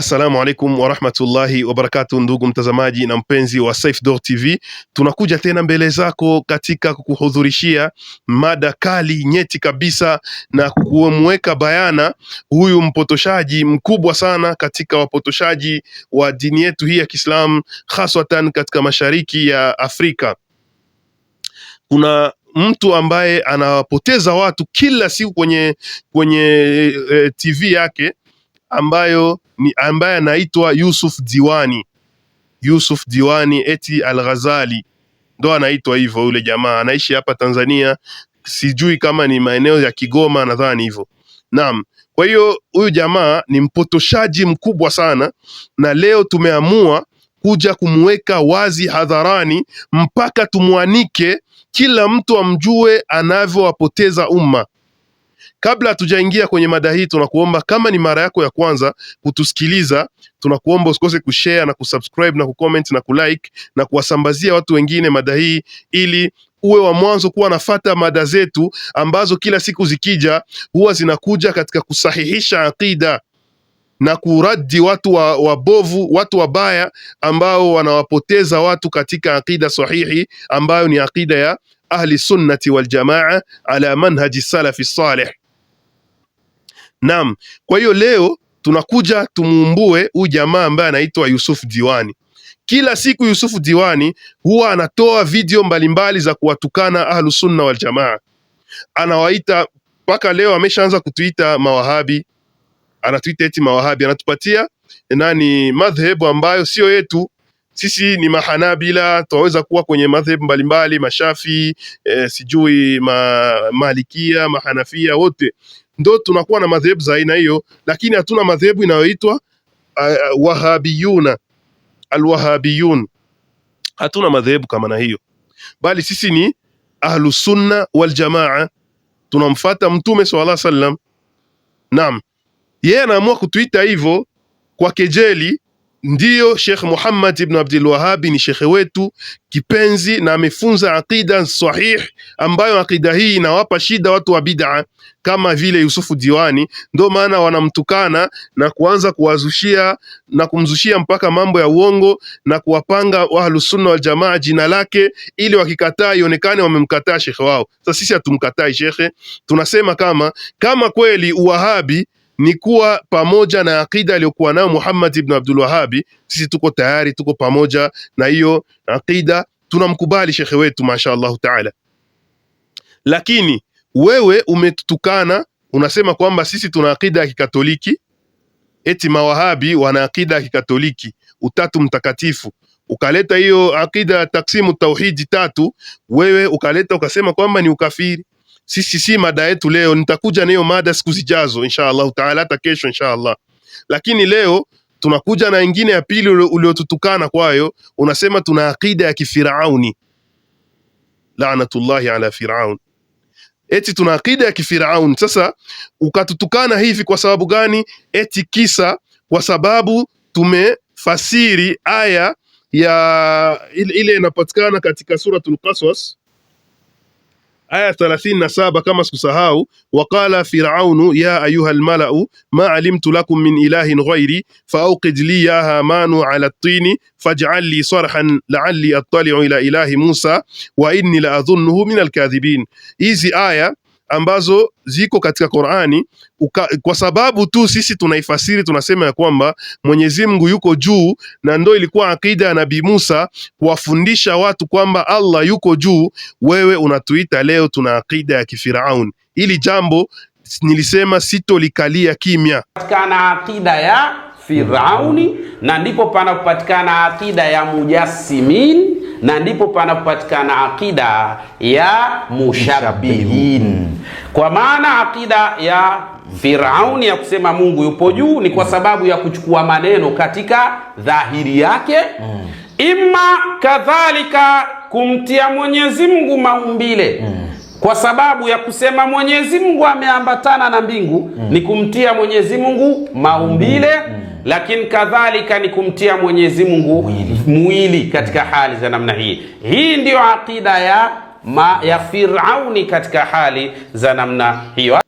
Assalamu alaikum warahmatullahi wabarakatu, ndugu mtazamaji na mpenzi wa Saifdor TV, tunakuja tena mbele zako katika kukuhudhurishia mada kali nyeti kabisa na kumweka bayana huyu mpotoshaji mkubwa sana katika wapotoshaji wa dini yetu hii ya Kiislamu, haswatan katika mashariki ya Afrika. Kuna mtu ambaye anawapoteza watu kila siku kwenye, kwenye e, eh, TV yake ambayo ni ambaye anaitwa Yusuf Diwani, Yusuf Diwani eti Al-Ghazali, ndo anaitwa hivyo. Yule jamaa anaishi hapa Tanzania, sijui kama ni maeneo ya Kigoma, nadhani hivyo. Naam. Kwa hiyo huyu jamaa ni mpotoshaji mkubwa sana, na leo tumeamua kuja kumweka wazi hadharani mpaka tumwanike, kila mtu amjue anavyowapoteza umma. Kabla hatujaingia kwenye mada hii, tunakuomba kama ni mara yako ya kwanza kutusikiliza, tunakuomba usikose kushare na kusubscribe na kucomment na kulike na kuwasambazia watu wengine mada hii ili uwe wa mwanzo kuwa nafata mada zetu ambazo kila siku zikija huwa zinakuja katika kusahihisha aqida na kuradi watu wabovu watu wabaya ambao wanawapoteza watu katika aqida sahihi ambayo ni aqida ya ahli sunnati wal jamaa ala manhaji salafi salih. Naam, kwa hiyo leo tunakuja tumuumbue huyu jamaa ambaye anaitwa Yusuf Diwani. Kila siku Yusufu Diwani huwa anatoa video mbalimbali za kuwatukana ahlu sunna wal jamaa, anawaita mpaka leo ameshaanza kutuita mawahabi, anatuita eti mawahabi, anatupatia nani madhehebu ambayo sio yetu sisi ni mahanabila, tunaweza kuwa kwenye madhhabu mbalimbali, mashafi e, sijui ma, malikia mahanafia, wote ndo tunakuwa na madhehebu za aina hiyo, lakini hatuna madhehebu inayoitwa uh, wahabiyuna alwahabiyun. Hatuna madhehebu kama na hiyo, bali sisi ni ahlusunna waljamaa, tunamfata mtume sallallahu alaihi wasallam. Naam, yeye anaamua kutuita hivyo kwa kejeli Ndiyo, Shekh Muhammad ibn Abdul Wahabi ni shekhe wetu kipenzi, na amefunza aqida sahih, ambayo aqida hii inawapa shida watu wa bid'a kama vile Yusufu Diwani. Ndio maana wanamtukana na kuanza kuwazushia na kumzushia mpaka mambo ya uongo na kuwapanga Ahlusunna wal Jamaa jina lake, ili wakikataa ionekane wamemkataa shekhe wao. Sasa sisi hatumkatai shekhe, tunasema kama kama kweli uwahabi ni kuwa pamoja na aqida aliyokuwa nayo Muhammad ibn Abdul Wahabi. Sisi tuko tayari, tuko pamoja na hiyo aqida, tunamkubali shekhe wetu mashaallahu taala. Lakini wewe umetutukana, unasema kwamba sisi tuna aqida ya Kikatoliki, eti mawahabi wana aqida ya Kikatoliki, utatu mtakatifu ukaleta hiyo aqida ya taksimu tauhidi tatu, wewe ukaleta ukasema kwamba ni ukafiri sisi si mada yetu leo, nitakuja na hiyo mada siku zijazo insha Allahu taala, hata kesho insha Allah. Lakini leo tunakuja na ingine ya pili uliotutukana kwayo, unasema tuna akida ya kifirauni, laanatullahi ala firaun, eti tuna akida ya kifirauni. Sasa ukatutukana hivi kwa sababu gani? Eti kisa kwa sababu tumefasiri aya ya ile inapatikana katika Suratul Qasas aya thalathini na saba kama sikusahau. Waqala Firaunu ya ayuha lmalau ma alimtu lakum min ilahin ghairi faaukid li ya hamanu ala tini fajal li sarhan laali attaliu ila ilahi Musa wa inni la adhunuhu min alkadhibin. Hizi aya ambazo ziko katika Qur'ani uka, kwa sababu tu sisi tunaifasiri tunasema ya kwamba Mwenyezi Mungu yuko juu, na ndo ilikuwa akida ya Nabii Musa kuwafundisha watu kwamba Allah yuko juu. Wewe unatuita leo tuna akida ya kifiraun Hili jambo nilisema sitolikalia kimya katika na akida ya Firauni, na ndipo panapopatikana akida ya mujassimin, na ndipo panapopatikana akida ya mushabbihin. Kwa maana akida ya Firauni ya kusema Mungu yupo juu ni kwa sababu ya kuchukua maneno katika dhahiri yake mm. Ima kadhalika kumtia Mwenyezi Mungu maumbile mm. Kwa sababu ya kusema Mwenyezi Mungu ameambatana na mbingu mm. Ni kumtia Mwenyezi Mungu maumbile mm lakini kadhalika ni kumtia Mwenyezi Mungu mwili katika hali za namna hii. Hii ndiyo aqida ya, ma, ya Firauni katika hali za namna hiyo,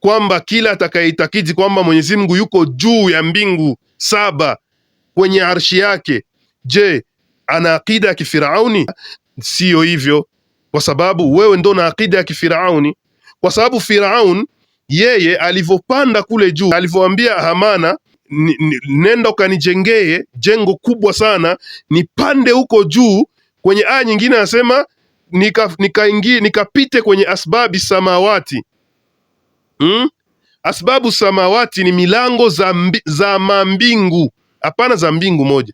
kwamba kila atakayeitakidi kwamba Mwenyezi Mungu yuko juu ya mbingu saba kwenye arshi yake, je, ana aqida ya kifirauni? Siyo hivyo, kwa sababu wewe ndo na aqida ya kifirauni, kwa sababu Firaun yeye alivyopanda kule juu, alivyoambia Hamana nenda ukanijengee jengo kubwa sana, nipande huko juu. Kwenye aya nyingine anasema nikaingie nikapite kwenye asbabi samawati hmm? Asbabu samawati ni milango za, mbi, za mambingu, hapana za mbingu moja,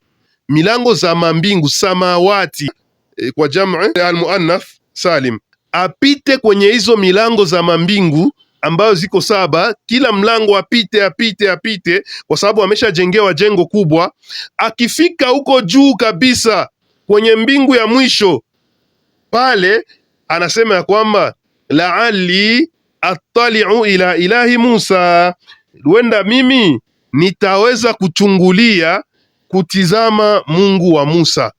milango za mambingu samawati e, kwa jamu eh, almuannath salim, apite kwenye hizo milango za mambingu ambayo ziko saba, kila mlango apite apite apite, kwa sababu ameshajengewa jengo kubwa. Akifika huko juu kabisa kwenye mbingu ya mwisho pale, anasema ya kwamba laali attaliu ila ilahi Musa, huenda mimi nitaweza kuchungulia kutizama Mungu wa Musa.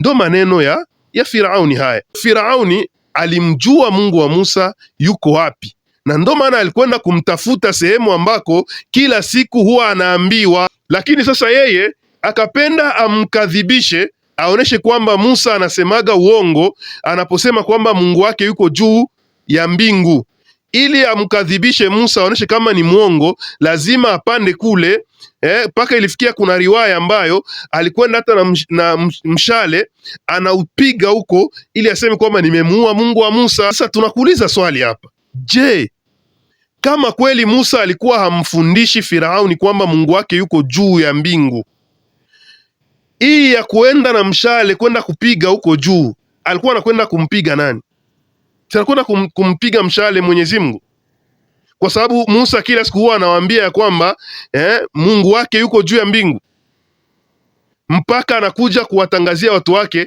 Ndo maneno ya ya Firauni haya. Firauni alimjua Mungu wa Musa yuko wapi, na ndo maana alikwenda kumtafuta sehemu ambako kila siku huwa anaambiwa, lakini sasa yeye akapenda amkadhibishe, aoneshe kwamba Musa anasemaga uongo anaposema kwamba Mungu wake yuko juu ya mbingu. Ili amkadhibishe Musa, aoneshe kama ni mwongo, lazima apande kule eh, mpaka eh, ilifikia kuna riwaya ambayo alikwenda hata na, msh, na mshale anaupiga huko ili aseme kwamba nimemuua Mungu wa Musa. Sasa tunakuuliza swali hapa, je, kama kweli Musa alikuwa hamfundishi Firauni kwamba Mungu wake yuko juu ya mbingu, hii ya kuenda na mshale kwenda kupiga huko juu, alikuwa anakwenda kumpiga nani? Alikuwa kum, kumpiga mshale Mwenyezi Mungu, kwa sababu Musa kila siku huwa anawaambia ya kwamba eh, Mungu wake yuko juu ya mbingu mpaka anakuja kuwatangazia watu wake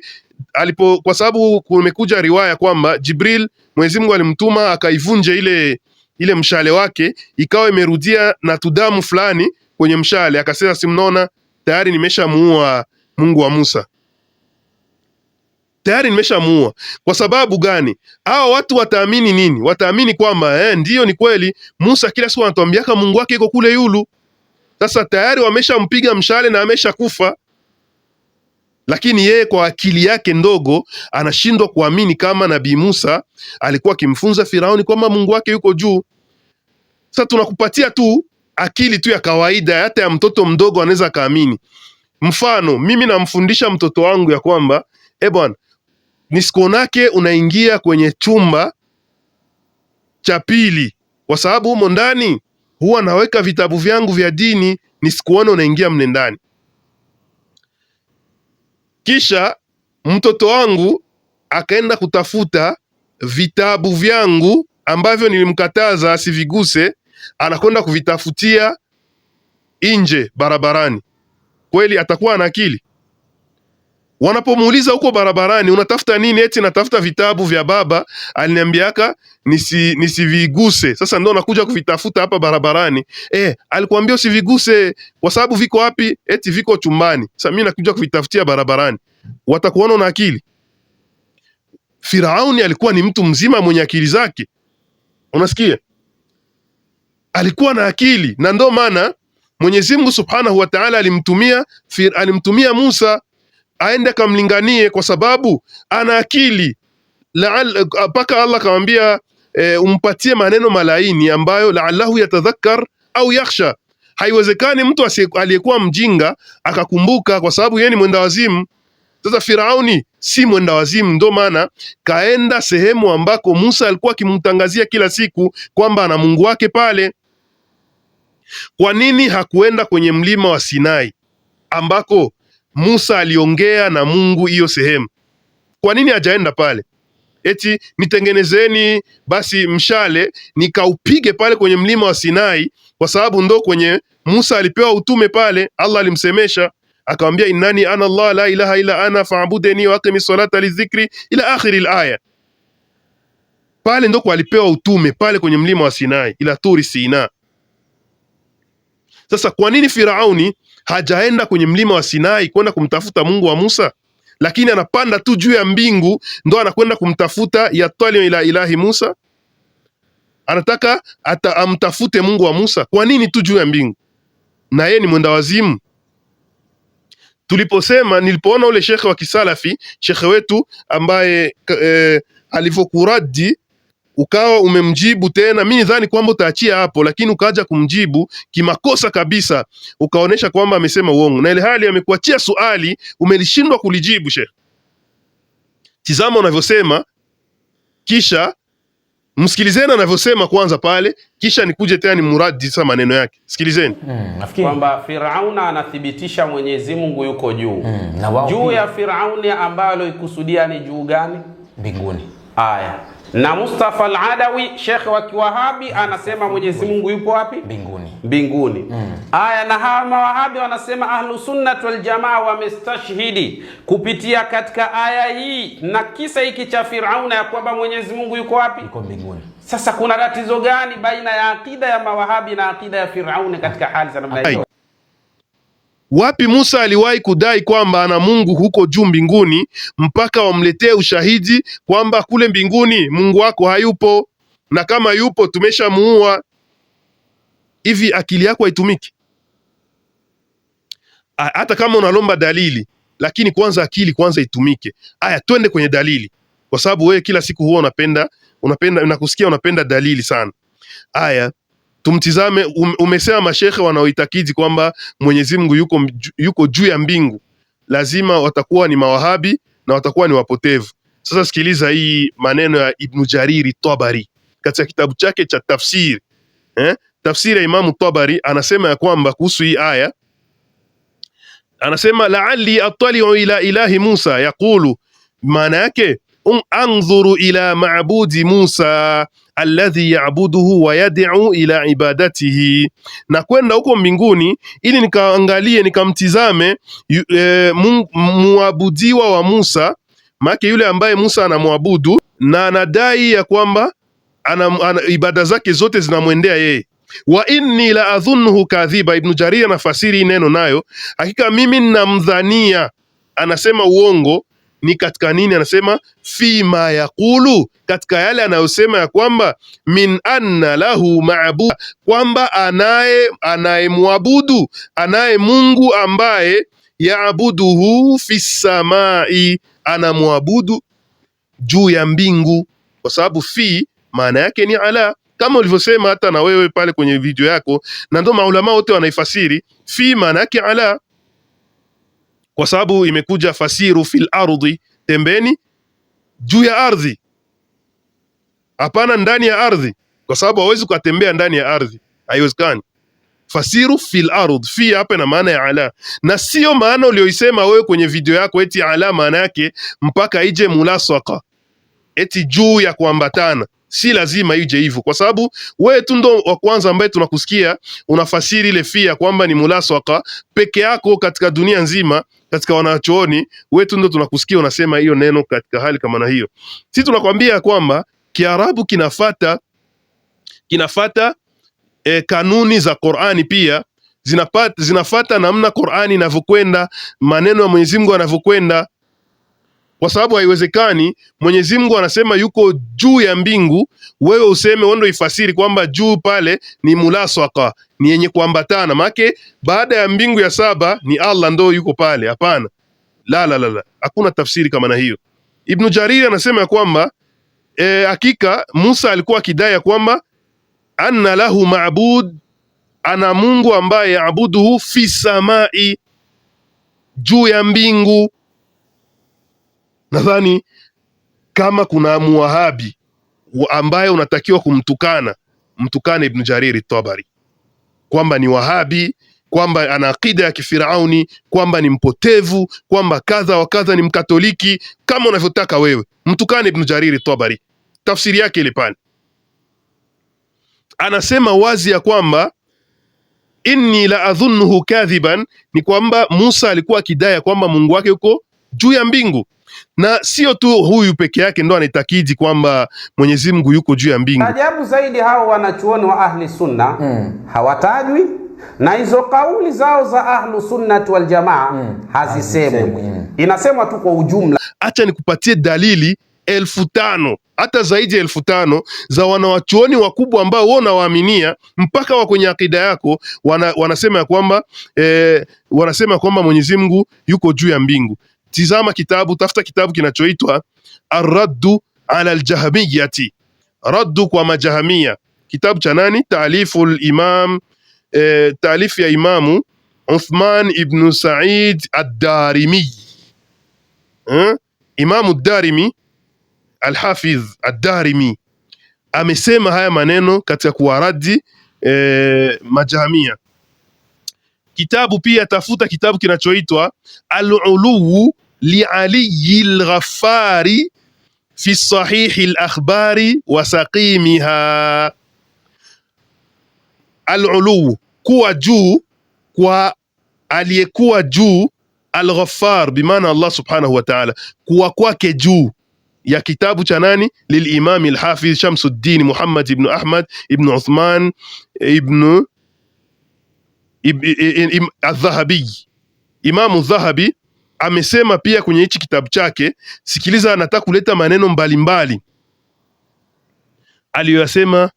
alipo, kwa sababu kumekuja riwaya kwamba Jibril Mwenyezi Mungu alimtuma akaivunje ile ile mshale wake ikawa imerudia na tudamu fulani kwenye mshale, akasema simnaona, tayari nimeshamuua Mungu wa Musa, tayari nimeshamuua. Kwa sababu gani? Hao watu wataamini nini? Wataamini kwamba eh, ndiyo ni kweli Musa kila siku anatuambiaka Mungu wake iko kule Yulu. Sasa tayari wameshampiga mshale na ameshakufa. Lakini yeye kwa akili yake ndogo anashindwa kuamini kama Nabii Musa alikuwa akimfunza Firauni kwamba Mungu wake yuko juu. Sasa tunakupatia tu akili tu ya kawaida, hata ya mtoto mdogo anaweza akaamini. Mfano, mimi namfundisha mtoto wangu ya kwamba eh, bwana, nisikuonake unaingia kwenye chumba cha pili, kwa sababu humo ndani huwa naweka vitabu vyangu vya dini, nisikuone unaingia mle ndani. Kisha mtoto wangu akaenda kutafuta vitabu vyangu ambavyo nilimkataza asiviguse, anakwenda kuvitafutia nje barabarani. Kweli atakuwa ana akili? Wanapomuuliza huko barabarani, unatafuta nini? Eti natafuta vitabu vya baba aliniambiaka nisi, nisiviguse. Sasa ndo nakuja kuvitafuta hapa barabarani. Eh, alikuambia usiviguse kwa sababu viko wapi? Eti viko chumbani. Sasa mimi nakuja kuvitafutia barabarani. Watakuona na akili. Firauni alikuwa ni mtu mzima mwenye akili zake. Unasikia? Alikuwa na akili na ndo maana Mwenyezi Mungu Subhanahu wa Ta'ala alimtumia alimtumia Musa aende akamlinganie, kwa sababu ana akili. Mpaka Allah akamwambia e, umpatie maneno malaini ambayo laalahu yatadhakkar au yakhsha. Haiwezekani mtu aliyekuwa mjinga akakumbuka, kwa sababu yeye ni mwenda wazimu. Sasa Firauni si mwenda wazimu, ndio maana kaenda sehemu ambako Musa alikuwa akimtangazia kila siku kwamba ana Mungu wake pale. Kwa nini hakuenda kwenye mlima wa Sinai ambako Musa aliongea na Mungu hiyo sehemu. Kwa nini hajaenda pale? Eti nitengenezeni basi mshale nikaupige pale kwenye mlima wa Sinai, kwa sababu ndo kwenye Musa alipewa utume pale. Allah alimsemesha akamwambia, innani ana Allah la ilaha illa ana faabudeni wa aqimi salata lidhikri ila akhiri alaya. Pale kwa alipewa utume pale kwenye mlima wa Sinai, ila turi Sina. Sasa kwa nini Firauni hajaenda kwenye mlima wa Sinai kwenda kumtafuta Mungu wa Musa, lakini anapanda tu juu ya mbingu, ndo anakwenda kumtafuta yatwali ila ilahi Musa. Anataka ata, amtafute Mungu wa Musa. Kwa nini tu juu ya mbingu? Na yeye ni mwenda wazimu. Tuliposema, nilipoona ule shekhe wa kisalafi shekhe wetu ambaye e, eh, alivyokuradi ukawa umemjibu tena. Mimi nidhani kwamba utaachia hapo, lakini ukaja kumjibu kimakosa kabisa, ukaonesha kwamba amesema uongo, na ile hali amekuachia swali umelishindwa kulijibu. Sheikh, tizama unavyosema, kisha msikilizeni anavyosema kwanza pale, kisha nikuje tena ni muradi sasa maneno yake. Sikilizeni mm, kwamba Firauna anathibitisha Mwenyezi Mungu yuko juu mm, juu ya Firauni ambalo ikusudia ni juu gani? Mbinguni. Aya na Mustafa al-Adawi Sheikh wa Kiwahabi anasema Mwenyezi Mungu yupo wapi? Mbinguni. Mbinguni. Mm. Aya, na hawa mawahabi wanasema Ahlu Sunnah wal Jamaa wamestashhidi kupitia katika aya hii na kisa hiki cha Firauna ya kwamba Mwenyezi Mungu yuko wapi? Yuko mbinguni. Sasa kuna tatizo gani baina ya akida ya mawahabi na akida ya Firauni katika hali za namna hiyo? Wapi Musa aliwahi kudai kwamba ana Mungu huko juu mbinguni mpaka wamletee ushahidi kwamba kule mbinguni Mungu wako hayupo, na kama yupo tumeshamuua? Hivi akili yako haitumiki? Hata kama unalomba dalili, lakini kwanza akili kwanza itumike. Aya, twende kwenye dalili, kwa sababu wewe kila siku huwa unapenda unapenda, nakusikia unapenda dalili sana. Aya, tumtizame. Umesema mashehe wanaoitakidi kwamba Mwenyezi Mungu yuko, yuko juu ya mbingu lazima watakuwa ni mawahabi na watakuwa ni wapotevu. Sasa sikiliza hii maneno ya Ibnu Jariri Tabari katika kitabu chake cha tafsiri eh? Tafsiri ya Imamu Tabari anasema ya kwamba kuhusu hii aya anasema, laali attaliu ila ilahi Musa yaqulu, maana yake Um, andhuru ila maabudi Musa alladhi yaabuduhu wa yad'u ila ibadatihi, na kwenda huko mbinguni ili nikaangalie nikamtizame e, muabudiwa wa Musa, maana yule ambaye Musa anamwabudu na anadai ya kwamba ana, ana, ibada zake zote zinamwendea yeye wa inni la adhunnuhu kadhiba. Ibn Jarir anafasiri neno nayo, hakika mimi ninamdhania anasema uongo ni katika nini? Anasema fima yaqulu, katika yale anayosema ya kwamba min anna lahu ma'bud, kwamba anaye anayemwabudu anaye Mungu ambaye yaabuduhu fi samai, anamwabudu juu ya mbingu, kwa sababu fi maana yake ni ala kama ulivyosema hata na wewe pale kwenye video yako, na ndio maulama wote wanaifasiri fi maana yake ala kwa sababu imekuja fasiru fil ardhi, tembeni juu ya ardhi, hapana ndani ya ardhi, kwa sababu hawezi kutembea ndani ya ardhi, haiwezekani. Fasiru fil ard fi hapa na maana ya ala, na sio maana uliyoisema wewe kwenye video yako, eti ala maana yake mpaka ije mulasaka, eti juu ya kuambatana. Si lazima ije hivyo, kwa sababu wewe tu ndo wa kwanza ambaye tunakusikia unafasiri ile fi ya kwamba ni mulasaka peke yako katika dunia nzima katika wanachuoni wetu ndio tunakusikia unasema hiyo neno katika hali kama na hiyo. Sisi tunakwambia kwamba Kiarabu kinafata kinafata e, kanuni za Qur'ani pia zinafata, zinafata namna Qur'ani inavyokwenda, maneno ya Mwenyezi Mungu yanavyokwenda kwa sababu haiwezekani. Mwenyezi Mungu anasema yuko juu ya mbingu, wewe useme wewe ifasiri kwamba juu pale ni mulaswaka, ni yenye kuambatana. Maanake baada ya mbingu ya saba ni Allah ndo yuko pale? Hapana, la la la, hakuna tafsiri kama na hiyo. Ibn Jarir anasema ya kwamba e, hakika e, Musa alikuwa akidai ya kwamba anna lahu ma'bud, ana Mungu ambaye yaabuduhu fi samai, juu ya mbingu nadhani kama kuna muwahabi ambaye unatakiwa kumtukana mtukane Ibnu Jariri Tabari kwamba ni wahabi, kwamba ana akida ya kifirauni, kwamba ni mpotevu, kwamba kadha wa kadha, ni Mkatoliki kama unavyotaka wewe, mtukane Ibnu Jariri Tabari. Tafsiri yake ile pale anasema wazi ya kwamba inni la adhunnuhu kadhiban, ni kwamba Musa alikuwa akidai ya kwamba Mungu wake yuko juu ya mbingu na sio tu huyu peke yake ndo anaitakidi kwamba Mwenyezi Mungu yuko juu ya mbingu. Ajabu zaidi hao wanachuoni wa ahli sunna mm. hawatajwi na hizo kauli zao za ahlu sunnati wal jamaa mm. hazisemwi mm. inasemwa tu kwa ujumla. Acha nikupatie dalili elfu tano hata zaidi ya elfu tano za wanawachuoni wakubwa ambao wao nawaaminia mpaka wa kwenye akida yako wana, wanasema ya kwamba eh, wanasema kwamba Mwenyezi Mungu yuko juu ya mbingu tizama kitabu, tafuta kitabu kinachoitwa Arraddu ala Aljahamiyati, raddu kwa majahamia. Kitabu cha nani? Taalifu imam e, eh, taalifu ya Imamu Uthman ibnu Said ad Imamu Darimi al-Hafiz amesema haya maneno katika kuwaradi e, eh, majahamia kitabu pia tafuta kitabu kinachoitwa Al-Uluwu liAliyi Lghaffari fi Sahihi Lakhbari wa Saqimiha. Al-Uluwu, kuwa juu kwa aliyekuwa juu, Al-Ghaffar bimaana Allah subhanahu wa ta'ala, kuwa kwake juu ya kitabu cha nani? Lilimami Lhafidh Shamsuddin Muhammad ibn Ahmad ibn Uthman ibn Adhahabi, Imamu Dhahabi amesema pia kwenye hichi kitabu chake. Sikiliza, anataka kuleta maneno mbalimbali aliyoyasema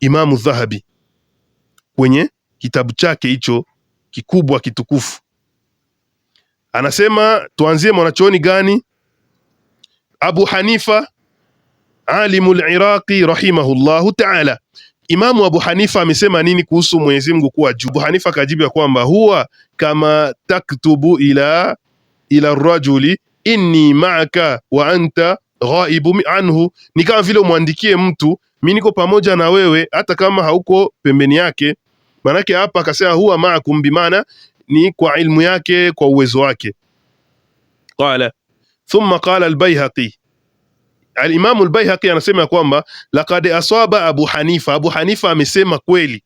Imamu Dhahabi kwenye kitabu chake hicho kikubwa kitukufu. Anasema, tuanzie mwanachuoni gani? Abu Hanifa alimul Iraqi rahimahullahu taala Imamu Abu Hanifa amesema nini kuhusu Mwenyezi Mungu kuwa juu? Abu Hanifa akajibu ya kwamba huwa kama taktubu ila ila rajuli inni ma'aka wa anta ghaibu anhu, ni kama vile umwandikie mtu mimi niko pamoja na wewe hata kama hauko pembeni yake. Maanake hapa akasema huwa ma'akum, bimaana ni kwa ilmu yake, kwa uwezo wake. Qala thumma qala albayhaqi Alimamu Albaihaqi anasema ya kwamba laqad aswaba Abu Hanifa, Abu Hanifa amesema kweli.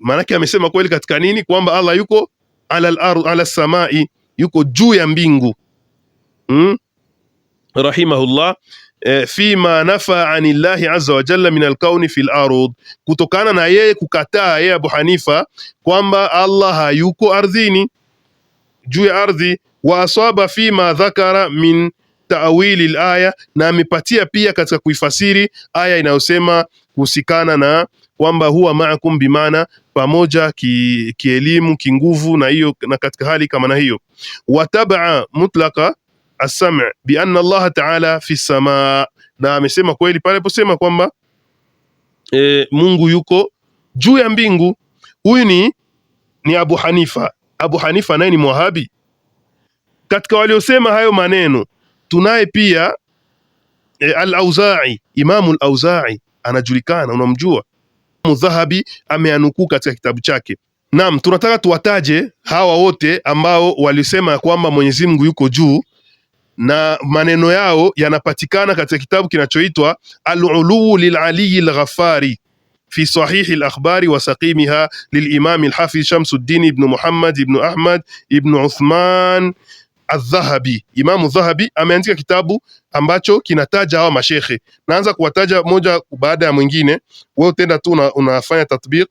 Maanake amesema kweli katika nini? Kwamba Allah yuko ala al ala samai, yuko juu ya mbingu hmm? rahimahullah eh, fima nafa anillahi azza wa jalla min alkauni fi lard kutokana na yeye kukataa yeye Abu Hanifa kwamba Allah hayuko ardhini, juu ya ardhi. Wa asaba fima dhakara min taawili laya, na amepatia pia katika kuifasiri aya inayosema kuhusikana na kwamba huwa maakum bimaana pamoja kielimu ki, kinguvu, na hiyo na katika hali kama na hiyo watabaa mutlaka assam bi anna Allah ta'ala fi samaa, na amesema kweli pale aliposema kwamba e, Mungu yuko juu ya mbingu. Huyu ni ni Abu Hanifa. Abu Hanifa naye ni Mwahabi. Katika waliosema hayo maneno tunaye pia e, al-Auza'i, Imamu al-Auza'i anajulikana, unamjua. Dhahabi ameanukuu katika kitabu chake. Naam, tunataka tuwataje hawa wote ambao walisema kwamba Mwenyezi Mungu yuko juu na maneno yao yanapatikana katika kitabu kinachoitwa Al-Ulu lil-Ali al-Ghaffari fi sahihi al-akhbari wa saqimiha lil-Imam al-Hafiz Shamsuddin ibn Muhammad ibn Ahmad ibn Uthman Adhahabi, Imamu Dhahabi ameandika kitabu ambacho kinataja hawa mashekhe. Naanza kuwataja moja baada ya mwingine, wewe utenda tu una, unafanya tatbiq,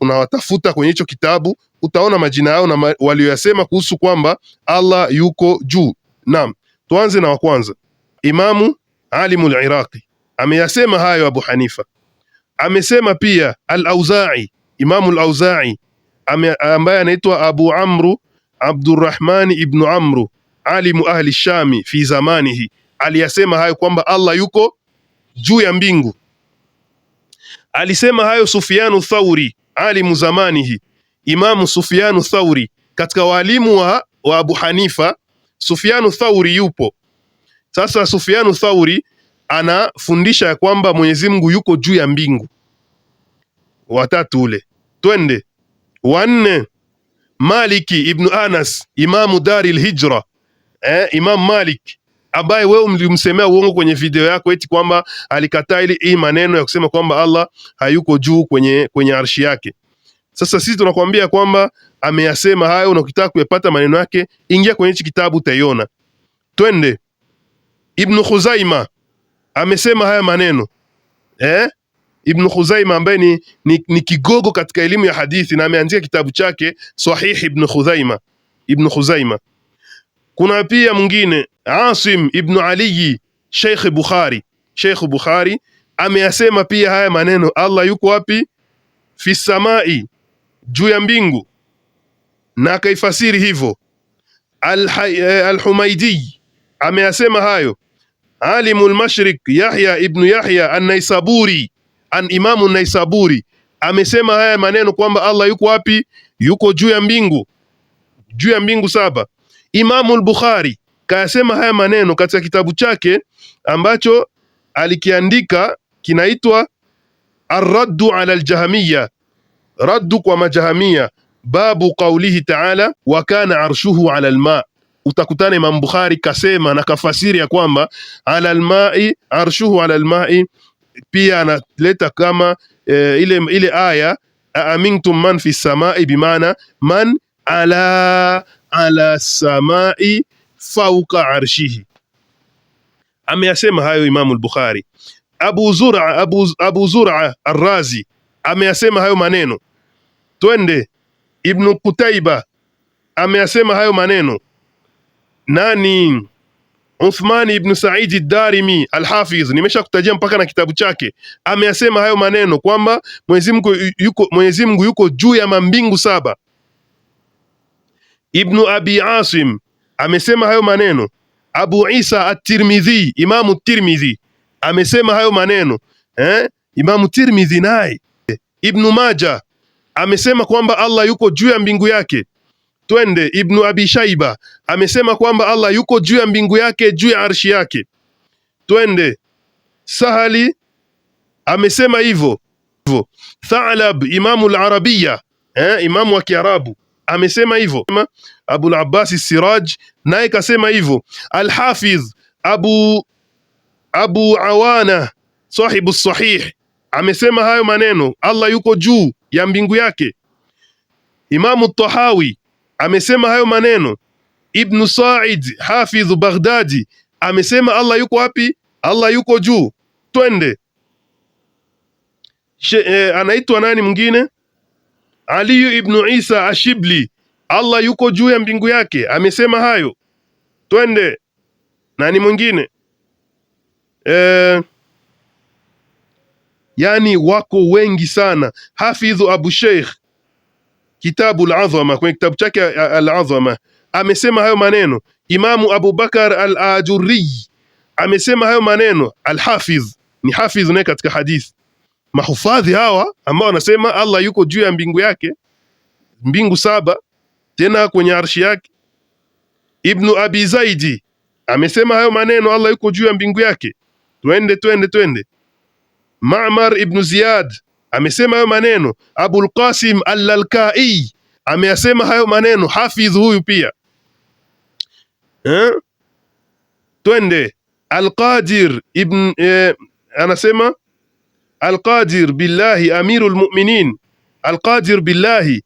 unawatafuta kwenye hicho kitabu, utaona majina yao na ma, walioyasema kuhusu kwamba Allah yuko juu. Naam, tuanze na wa kwanza, Imamu Alimul Iraqi ameyasema hayo. Abu Hanifa amesema pia, Al-Auza'i, Imamu Al-Auza'i ambaye anaitwa Abu Amru Abdurrahmani ibnu Amru alimu ahli Shami fi zamanihi aliyasema hayo kwamba Allah yuko juu ya mbingu. Alisema hayo Sufyanu Thauri alimu zamanihi, Imamu Sufyanu Thauri katika walimu wa, wa Abu Hanifa. Sufyanu Thauri yupo sasa. Sufyanu Thauri anafundisha ya kwamba Mwenyezi Mungu yuko juu ya mbingu. Watatu ule twende wanne Maliki ibnu Anas, imamu dari lhijra eh, Imam Malik ambaye wewe mlimsemea uongo kwenye video yako eti kwamba alikataa ili hii maneno ya kusema kwamba Allah hayuko juu kwenye, kwenye arshi yake. Sasa sisi tunakwambia kwamba ameyasema hayo, na ukitaka kuyapata maneno yake ingia kwenye hichi kitabu utaiona. Twende Ibnu Khuzaima amesema haya maneno eh? Ibn Khuzaima ambaye ni, ni, ni kigogo katika elimu ya hadithi na ameandika kitabu chake Sahih Ibn Khuzaima, Ibn Khuzaima. Kuna pia mwingine Asim Ibn Ali Sheikh Bukhari, Sheikh Bukhari ameyasema pia haya maneno, Allah yuko wapi? Fi samai, juu ya mbingu, na akaifasiri hivyo. Al-Humaidi eh, ameyasema hayo. Alimul Mashriq Yahya Ibn Yahya An-Naisaburi an Imamu Naisaburi amesema haya maneno kwamba Allah yuko wapi? Yuko juu ya mbingu, juu ya mbingu saba. Imamu al-Bukhari kayasema haya maneno katika kitabu chake ambacho alikiandika kinaitwa Ar-Raddu ala al-Jahmiya, raddu kwa majahamia, babu qaulihi ta'ala wa kana arshuhu ala al Utakutana Imam Bukhari kasema na kafasiri ya kwamba ala al-mai arshuhu ala al-mai pia analeta kama e, ile, ile aya amintum man fi samai, bimaana man ala, ala samai fauka arshihi. Ameyasema hayo Imamu al-Bukhari. Abu Zur'a Abu, Abu Zur'a Ar-Razi ameyasema hayo maneno. Twende Ibnu Qutaiba ameyasema hayo maneno. Nani uthman ibn Saidi Darimi Alhafiz, nimeshakutajia mpaka na kitabu chake, ameyasema hayo maneno kwamba Mwenyezi Mungu yuko, Mwenyezi Mungu yuko juu ya mambingu saba. Ibn Abi Asim amesema hayo maneno. Abu Isa At-Tirmidhi, Imamu Tirmidhi amesema hayo maneno eh? Imamu Tirmidhi naye Ibn Maja amesema kwamba Allah yuko juu ya mbingu yake. Twende Ibnu Abi Shaiba amesema kwamba Allah yuko juu ya mbingu yake juu ya arshi yake. Twende Sahali amesema hivyo hivyo. Thalab Imamu al-Arabiya eh, imamu wa Kiarabu amesema hivyo. al Abbas Siraj naye kasema hivyo. Al-Hafiz Abu Abu Awana sahibu sahih amesema hayo maneno, Allah yuko juu ya mbingu yake. Imamu Tahawi amesema hayo maneno Ibnu Said hafidhu Baghdadi amesema Allah yuko wapi? Allah yuko juu. Twende eh, anaitwa nani mwingine? Ali ibnu Isa Ashibli, Allah yuko juu ya mbingu yake, amesema hayo. Twende nani mwingine eh, yani wako wengi sana. Hafidhu Abu Sheikh kitabu al-Azama, kwenye kitabu chake al-Azama amesema hayo maneno Imamu Abu Bakar al-Ajurri amesema hayo maneno, al-Hafidh ni hafidh naye katika hadithi. Mahufadhi hawa ambao wanasema Allah yuko juu ya mbingu yake mbingu saba tena kwenye arshi yake. Ibnu Abi Zaidi amesema hayo maneno, Allah yuko juu ya mbingu yake. Twende twende twende. Ma'mar ibn Ziyad amesema hayo maneno. Abul Qasim al-Lalkai ameyasema hayo maneno, hafidh huyu pia eh? Twende Alqadir ibn eh, anasema Alqadir billahi amirul mu'minin, Alqadir billahi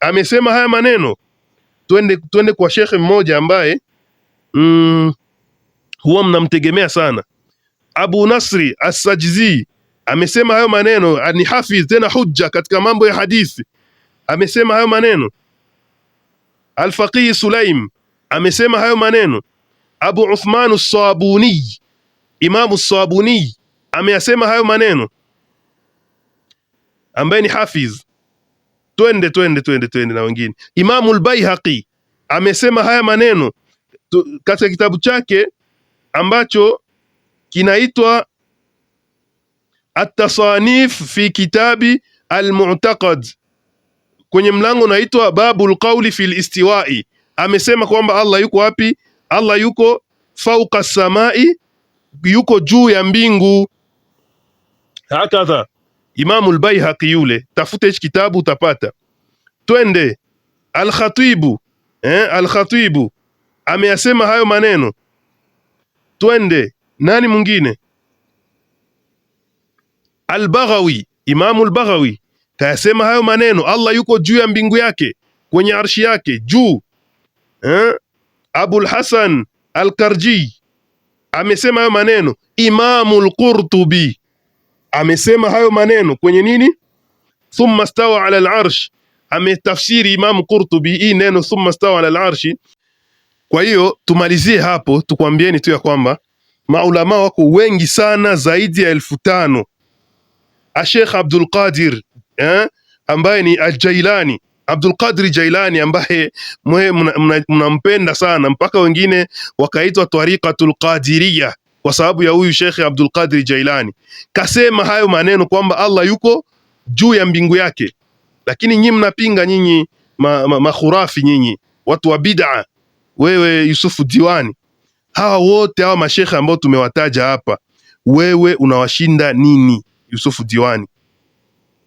amesema haya maneno. Twende twende kwa shekhe mmoja ambaye mm, huwa mnamtegemea sana Abu Nasri as amesema hayo maneno, ni hafidh tena hujja katika mambo ya hadithi, amesema hayo maneno Al-Faqih Sulaim amesema hayo maneno Abu Uthman As-Sabuni, Imamu As-Sabuni ameyasema hayo maneno, ambaye ni hafiz. Twende twende twende twende na wengine. Imamu al amesema haya maneno katika kitabu chake ambacho kinaitwa At-Tasanif fi kitabi Al-Mu'taqad, kwenye mlango unaitwa Babul Qawli fil Istiwa'i amesema kwamba Allah yuko wapi? Allah yuko fauka samai, yuko juu ya mbingu. Hakadha Imamu al yule, tafuta hichi kitabu utapata. Twende Al-Khatibu, eh, al ameyasema hayo maneno. Twende nani mwingine? Al-Baghawi, Imamu al-Baghawi kayasema hayo maneno, Allah yuko juu ya mbingu yake, kwenye arshi yake juu eh, Abul Hasan Al-Karji amesema hayo maneno, Imamu Al-Qurtubi amesema hayo maneno kwenye nini, thumma stawa ala al-arsh. Ametafsiri Imam Qurtubi hii neno thumma stawa ala al Kwa hiyo tumalizie hapo, tukwambieni tu ya kwamba maulama wako wengi sana zaidi ya elfu tano Ashekh Abdul Qadir eh, ambaye ni Al-Jailani Abdul Qadri Jailani ambaye mnampenda mna, mna sana mpaka wengine wakaitwa Tariqatul Qadiria kwa sababu ya huyu Sheikh Abdul Qadri Jailani. Kasema hayo maneno kwamba Allah yuko juu ya mbingu yake, lakini nyinyi mnapinga nyinyi makhurafi ma, ma nyinyi watu wa bid'a. Wewe Yusufu Diwani, hawa wote hawa mashekhe ambao tumewataja hapa, wewe unawashinda nini? Yusufu Diwani,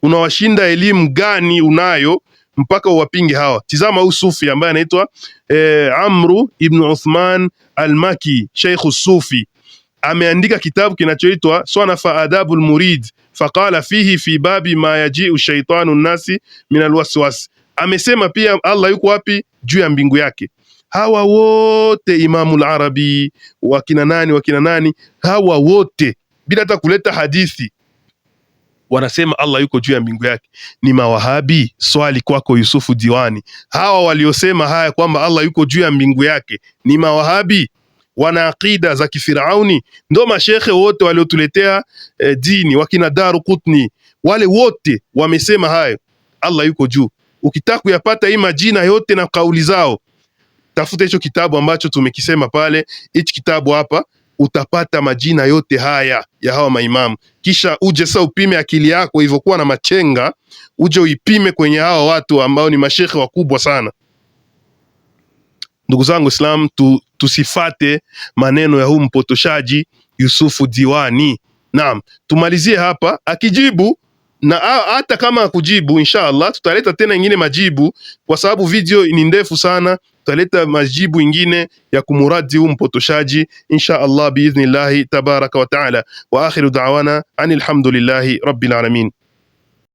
unawashinda elimu gani unayo mpaka uwapinge hawa. Tizama huyu sufi ambaye anaitwa e, Amru ibn Uthman al-Maki, Sheikh Sufi ameandika kitabu kinachoitwa fa Adabul Murid, faqala fihi fi babi ma yajiu shaitanu nnasi min alwaswas. Amesema pia Allah yuko wapi? Juu ya mbingu yake. Hawa wote Imamul Arabi wakina nani wakina nani, hawa wote bila hata kuleta hadithi wanasema Allah yuko juu ya mbingu yake ni mawahabi? Swali kwako Yusufu Diwani, hawa waliosema haya kwamba Allah yuko juu ya mbingu yake ni mawahabi? Wana akida za kifirauni? Ndo mashekhe wote waliotuletea e, dini wakina Daru Kutni wale wote wamesema hayo, Allah yuko juu. Ukitaka kuyapata hii majina yote na kauli zao, tafuta hicho kitabu ambacho tumekisema pale, hichi kitabu hapa utapata majina yote haya ya hawa maimamu. Kisha uje sasa upime akili yako ilivyokuwa na machenga, uje uipime kwenye hawa watu ambao ni mashekhe wakubwa sana. Ndugu zangu Islam, tu, tusifate maneno ya huu mpotoshaji Yusufu Diwani. Naam, tumalizie hapa akijibu na hata kama kujibu, inshallah tutaleta tena ingine majibu, kwa sababu video ni ndefu sana. Tutaleta majibu ingine ya kumuradi huu mpotoshaji inshallah, biidhnillahi tabaraka wa taala. Wa akhiru da'wana anilhamdulillahi rabbil alamin.